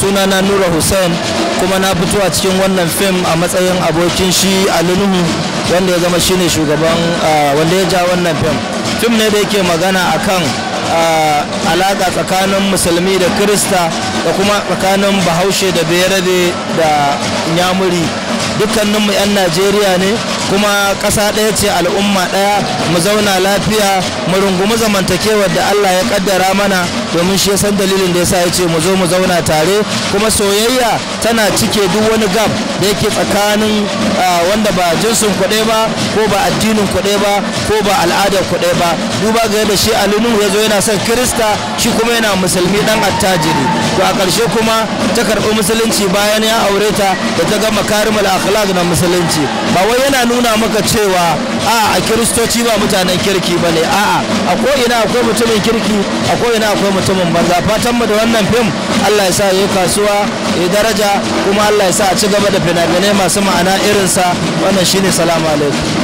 suna na nura hussein kuma na fito a cikin wannan fim a matsayin abokin shi alinuhu wanda ya zama shine shugaban wanda ya ja wannan fim fim ne da yake magana a kan alaƙa tsakanin musulmi da kirista da kuma tsakanin bahaushe da berabe da nyamuri dukkaninmu 'yan najeriya ne kuma ƙasa ɗaya ce al'umma ɗaya mu zauna lafiya mu rungumi zamantakewar da Allah ya ƙaddara mana domin shi ya san dalilin da ya sa ya ce mu zo mu zauna tare kuma soyayya tana cike duk wani gab da yake tsakanin wanda ba jinsin kuɗe ba ko ba addinin kuɗai ba ko ba al'adar kuɗai ba duba ga yadda shi alunu ya zo yana son kirista shi kuma yana musulmi dan attajiri to a ƙarshe kuma ta karɓi musulunci bayan ya aure ta da ta gama karimul akhlaq na musulunci ba wai yana nuna maka cewa a a kiristoci ba mutanen kirki ba ne a'a a ko ina akwai mutumin kirki a ko ina akwai mutumin banza fatan mu da wannan fim Allah ya sa ya yi kasuwa ya daraja kuma Allah ya sa a ci gaba da fina-finai masu ma'ana irinsa wannan shine salamu alaikum